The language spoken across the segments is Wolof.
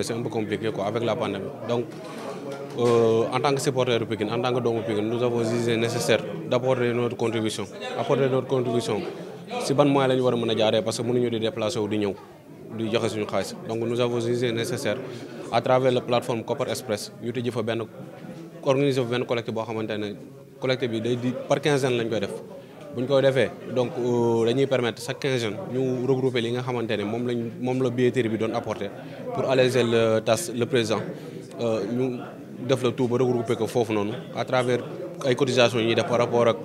mais c'est un peu compliqué quoi avec la pandémie. Donc, euh, en tant que supporter de en tant que doomu Pékin, nous avons jugé nécessaire d'apporter notre contribution. Apporter notre contribution si ban moyen la ñu war a mën a jaaree parce que mënuñu di déplacer wu di ñëw di joxe suñu xaalis donc nous avons jugé nécessaire à travers la plateforme Copper Express ñu tijji fa benn organiser fa benn collecte boo xamante ne collecte bi day di par quinzaine koy def. bu ñu ko defee donc euh, dañuy permettre chaque région ñu regrouper li nga xamante ne moom lañ moom la billetterie bi doon apporter pour alléger le tas le président euh, ñu def la tout ba regrouper ko foofu noonu à travers ay cotisation yi ñuy def par rapport ak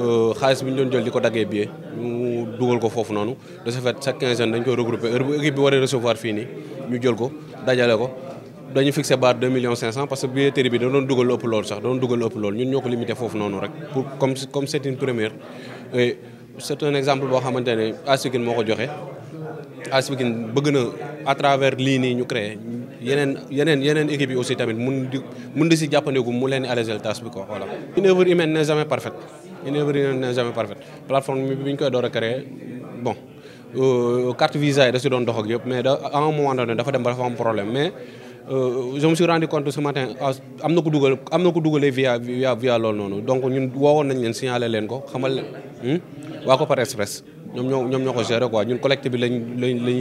euh, xaalis bi ñu doon jël di ko daggee billet ñu dugal ko foofu noonu de ce fait chaque quinzaine dañ koy regrouper heure bu équipe bi war a recevoir fii nii ñu jël ko dajale ko. dañu fixé baat 2 millions 500 parce que billetterie bi da doon dugal ëpp loolu sax da doon dugal ëpp loolu ñun ñoo ko limité foofu noonu rek comme comme première et un exemple boo xamante ne AS moo ko joxe AS Pikine bëgg na à travers lii nii ñu créé yeneen yeneen yeneen équipe yi aussi tamit mun di mun si jàppandiku mu leen di alléger bi ko voilà. une œuvre humaine n'est jamais parfaite une œuvre humaine n'est jamais parfaite plateforme bi ñu koy door a créé bon euh, carte visa yi da doon dox ak mais da à moment dafa dem ba dafa am Euh, je me suis rendu compte ce matin ah, am na ko dugal am na ko dugalee via via via noonu donc ñun woowoon nañ leen signaler leen ko xamal leen hmm? waa par Express ñoom ñoo ñoom ñoo ko gérer quoi ñun collecte bi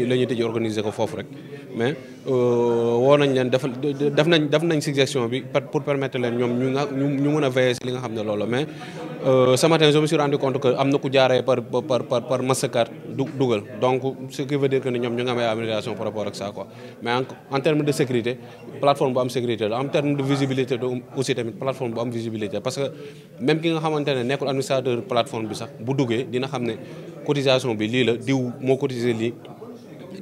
lañ tëj organiser ko foofu rek mais euh, woo nañ leen defal def nañ def nañ suggestion bi pour permettre leen ñoom ñu mën a veiller si li nga xam ne loolu mais euh, ce na ku jaaree par par par qui veut dire que ne ñoom ñu nga am ay amélioration par rapport ak ça quoi mais en terme de sécurité plateforme bu am sécurité parce que même ki nga xamante ne nekkul administrateur plateforme bi sax bu duggee dina xam ne cotisation bi lii la diw moo cotisé lii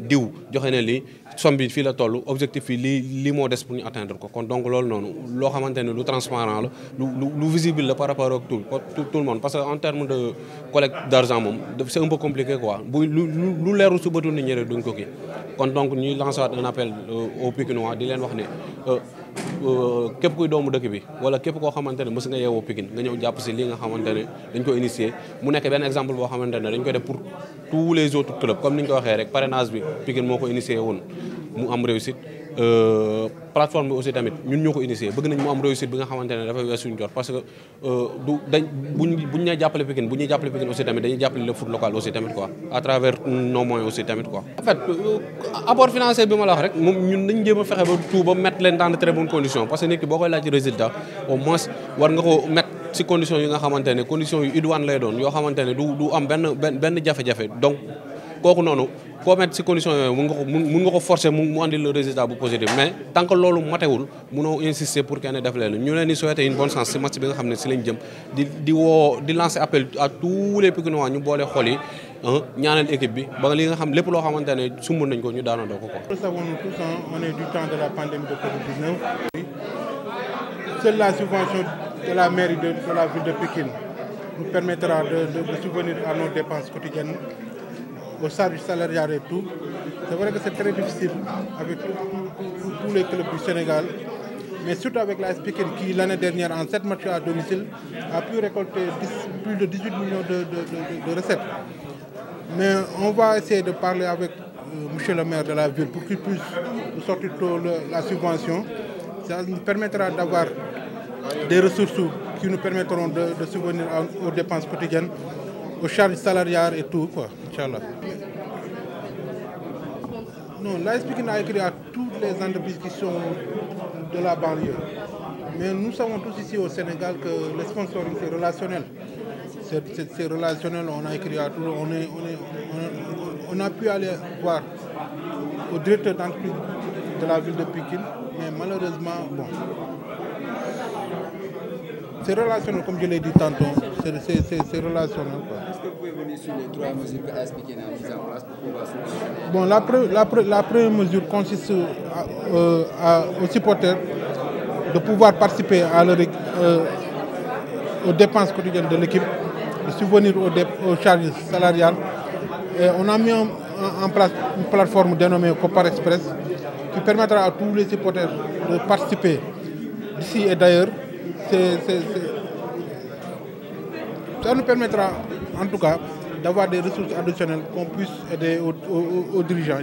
diw joxe na lii somme bi fii la toll objectif bi lii lii moo des pour ñu atteindre ko kon donc loolu noonu loo xamante ne lu transparent la lu lu visible la par rapport ak tout tout le monde parce que en terme de collecte d'argent moom c'est un peu compliqué quoi bu lu lu leerul su bëtu nit ñi rek duñ ko kii kon donc ñuy lancer un appel euh, au di leen wax ne euh, Euh, képp kuy doomu dëkk bi wala képp koo xamante ne mës nga yeewoo Pikine nga ñëw jàpp si lii nga xamante ne dañ ko initier mu nekk benn exemple boo xamante ne dañ koy de pour tous les autres clubs comme ni ñu ko waxee rek parrainage bi Pikine moo ko initier woon mu am réussite Euh, plateforme bi aussi tamit ñun ñoo ko initié bëgg nañ mu am réussite bi nga xamante ne dafay wees suñu jot parce que euh, du dañ buñ buñ nee jàppale Pikine bu ñuy jàppale Pikine aussi tamit dañuy jàppale le foot local aussi tamit quoi à travers euh, apport financier bi ma la wax rek moom ñun dañ jéem a fexe ba tout ba mettre leen dans de très bonnes conditions parce que nit ki boo koy laaj résultat au moins war nga ko mettre si conditions yi nga xamante ne conditions yu idoine lay doon yoo xamante ne du du am benn benn benn jafe-jafe donc kooku koo mettre si condition yooyu mun nga ko mun mu andi résultat bu positif mais tant loolu matewul munoo insister pour kenn def leen ñu leen di souhaiter une bonne chance si match bi nga xam ne si lañ jëm di woo di lancer appel à tous les Pikinois ñu boole xol yi ñaanal équipe bi ba li nga xam lépp loo xamante ne sumb nañ ko ñu daanandoo de la pandémie de la subvention de la mairie de, la ville de Pikine nous permettra de, de, à nos dépenses quotidiennes. aux charges salariales et tout. C'est vrai que c'est très difficile avec tous les clubs du Sénégal, mais surtout avec la Speaker qui, l'année dernière, en 7 matchs à domicile, a pu récolter plus de 18 millions de, recettes. Mais on va essayer de parler avec euh, le maire de la ville pour qu'il puisse le, la subvention. Ça nous permettra d'avoir des ressources qui nous permettront de, de subvenir aux dépenses quotidiennes, aux charges salariales et tout, quoi. Inch'Allah. Non, l'AS Pékin a écrit à toutes les entreprises qui sont de la banlieue. Mais nous savons tous ici au Sénégal que le c'est relationnel. C'est relationnel, on a écrit à tout, on, a, on, aller voir au directeur d'entreprise de la ville de Pékin, mais malheureusement, bon, c'est relationnel comme je l'ai dit tantôt c'est relationnel quoi. la la pre la première mesure consiste euh, à, euh, à aux supporters de pouvoir participer à leur euh, aux dépenses quotidiennes de l'équipe, de subvenir aux, charges salariales. Et on a mis en, en place une plateforme dénommée Copar Express qui permettra à tous les supporters de participer d'ici et d'ailleurs c'est ça nous permettra en tout cas d'avoir des ressources additionnelles qu'on puisse aider aux, aux, aux dirigeants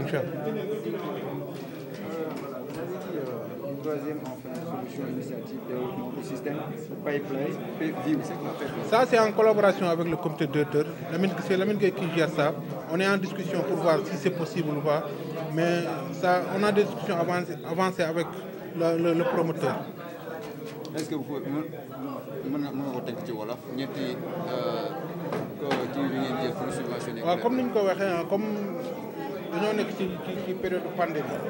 c'est en collaboration avec le comité directeur. C'est Lamine qui gère ça. On est en discussion pour voir si c'est possible ou pas. Mais ça, on a des discussions avancées, avec le promoteur. est-ce que mën na ko ci wolof ñetti ci euh, euh, li ngeen jël pour subventionner. comme ni ñu ko waxee ah, comme dañoo nekk ci ci période pandémie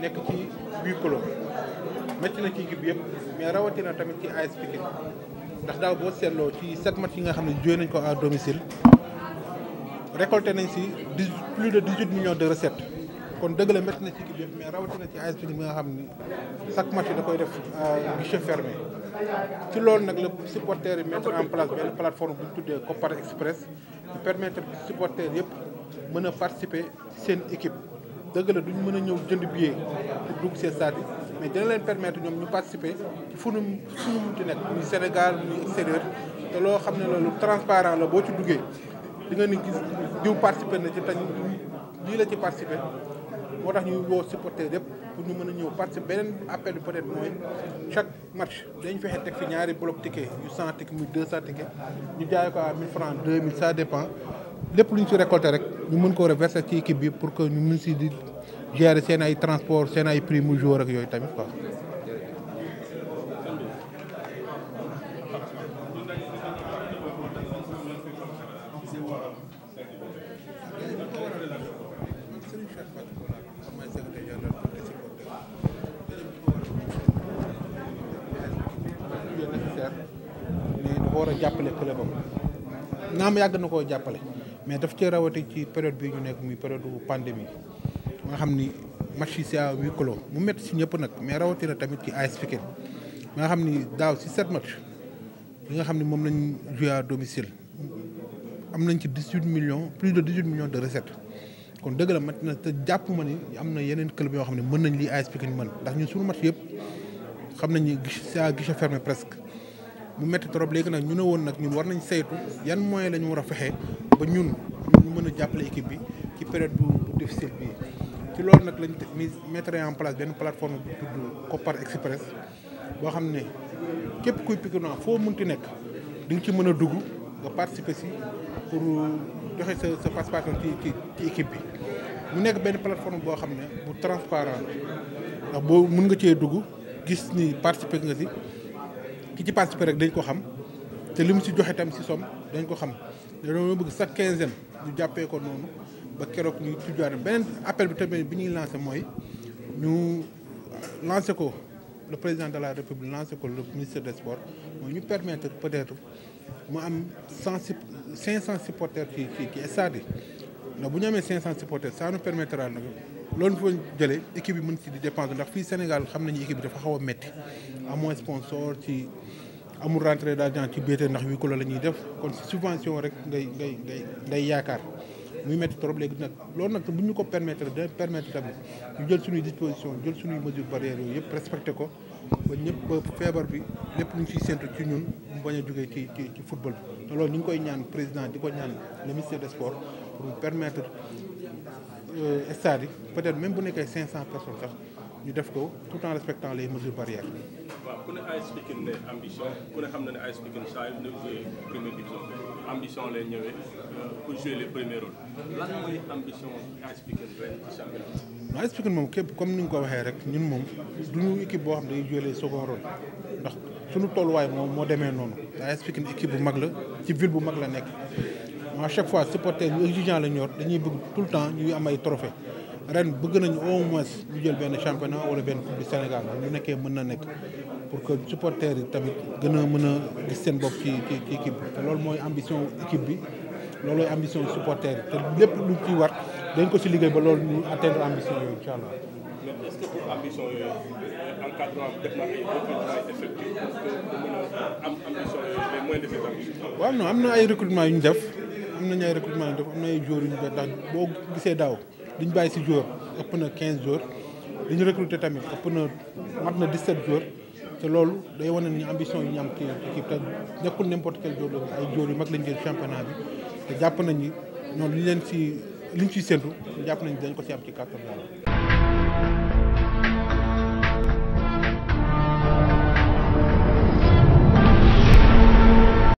nekk ci huis clos métti na ci gib yëpp mais rawatina tamit ci AS Pikine ndax daaw boo seetloo ci sept match yi nga xam ne joué nañ ko à domicile récolté nañ si dix plus de dix-huit millions de recettes. kon dëgg la métti na ci équipe yëpp mais rawatina ci AS Pikine bi nga xam ni chaque koy def euh, guichet ci loolu nag la supporters yi mettre en place benn plateforme bu ñu tuddee Kopar Express di permettre supporters yëpp mën a participer seen équipe dëgg la duñ mën a ñëw jënd billet pour dugg seen stade yi mais dina leen permettre ñoom ñu participer ci fu nu fu nu munti nekk muy Sénégal muy extérieur te loo xam ne loolu transparent la boo ci duggee di nga ni gis diw participer na ci lii la ci participer moo tax ñu woo supporter yëpp ñu mën a ñëw parce que beneen appel bi peut être mooy chaque match dañ fexe teg fi ñaari bloc ticket yu cent ticket muy deux cent ticket ñu jaay ko à mille francs deux mille ça dépend lépp lu ñu si récolté rek ñu mën koo reverser ci équipe bi pour que ñu mën si di gérer seen ay transport seen ay prix mu jour ak yooyu tamit quoi a jàppale club am naam yàgg na koo jàppale mais daf cee rawati ci période bii ñu nekk muy période pandémie nga xam ni match yi si à huis clos mu métti si ñëpp nag mais rawatina tamit ci AS ma nga xam ni daaw si set match yi nga xam ni moom lañ joué à domicile am nañ ci dix uit million plus de dix huit millions de recettes kon dëgg mat na te jàpp ma ni am na yeneen club yoo xam ne mën nañ lii AS Pikine mën ndax ñu suñu match yëpp xam nañu guichet c'est à guichet fermé mu métti trop léegi nag ñu ne woon nag ñun war nañ saytu yan moyen la ñu war a fexe ba ñun ñu mën a jàppale équipe bi ci période bu difficile bi ci loolu nag lañ mis mettre en place benn plateforme bu tudd Kopar Express boo xam ne képp kuy Pikinois foo mun munti nekk di nga ci mën a dugg nga participer si pour joxe sa sa participation ci ci équipe bi mu nekk benn plateforme boo xam ne bu transparent ndax boo mën nga cee dugg gis ni participer nga si ki ci participé rek dañ ko xam te li mu si joxe tam si somme dañ ko xam dañoo bëgg chaque quinzaine ñu jàppee ko noonu ba keroog ñuy tujjuwaat beneen appel bi tamit bi ñuy lancé mooy ñu lancé ko le président de la république lancé ko le ministre des sports mooy ñu permettre peut-être mu am cent cinq cent supporters ci ci ci stade yi ndax bu ñu amee cinq cent supporters ça nous permettra nag loolu foo jëlee équipe bi mën si di dépendre ndax fii Sénégal xam nañu équipe bi dafa xaw a métti amoo sponsor ci amul rentrée d'argent ci béykat ndax wi ko la ñuy def kon subvention rek ngay ngay ngay ngay yaakaar muy métti trop léegi nag loolu nag bu ñu ko permettre da permettre tamit ñu jël suñuy disposition jël suñuy mesures barrières yooyu yëpp respecté ko ba ñëpp ba feebar bi lépp lu ñu ciy séntu ci ñun mu bañ a jógee ci ci ci football bi. te loolu ñu koy ñaan président di ko ñaan le ministère des sports pour permettre. Euh, stade yi peut-être même bu nekkee 500 personnes sax ñu def ko tout en respectant les mesures barrières. waaw ku ne AS Pikine ne ambition yu ñëw joué première division ambition lay ñëwee euh, pour jouer les premiers rôles lan mooy ambition AS Pikine ren moom képp comme ni nga ko waxee rek ñun moom duñu équipe boo xam ne day joué les second rôle ndax suñu tolluwaay moom moo demee noonu AS Pikine équipe bu mag la ci ville bu mag la nekk. à chaque fois supporter yu exigeant la ñor dañuy bëgg tout le temps ñuy am ay trophée ren bëgg nañu au moins ñu jël benn championnat wala benn coupe du Sénégal bu nekkee mën na nekk pour que supporters yi tamit gën a mën a gis seen bopp ci ci bi te loolu mooy ambition équipe bi loolooy ambition supporters yi te lépp lu ci war ko ci liggéey ba loolu ñu atteindre ambition yooyu incha allah. Euh, na am waaw non am na ay recrutement yu ñu def. am ñu ay recrutement def am na ay joueurs yu ñu ndax boo gisee daaw duñ bàyyi si joueur ëpp na 15 joueurs li ñu recruter tamit ëpp na mat na 17 joueurs te loolu day wane ni ambition yi ñu am ci équipe te nekkul n'importe quel joueur la ay joueurs yu mag lañ jël championnat bi te jàpp nañ ni noonu li leen si liñ ci séntu jàpp nañ dañ ko ci am ci kàttan yàlla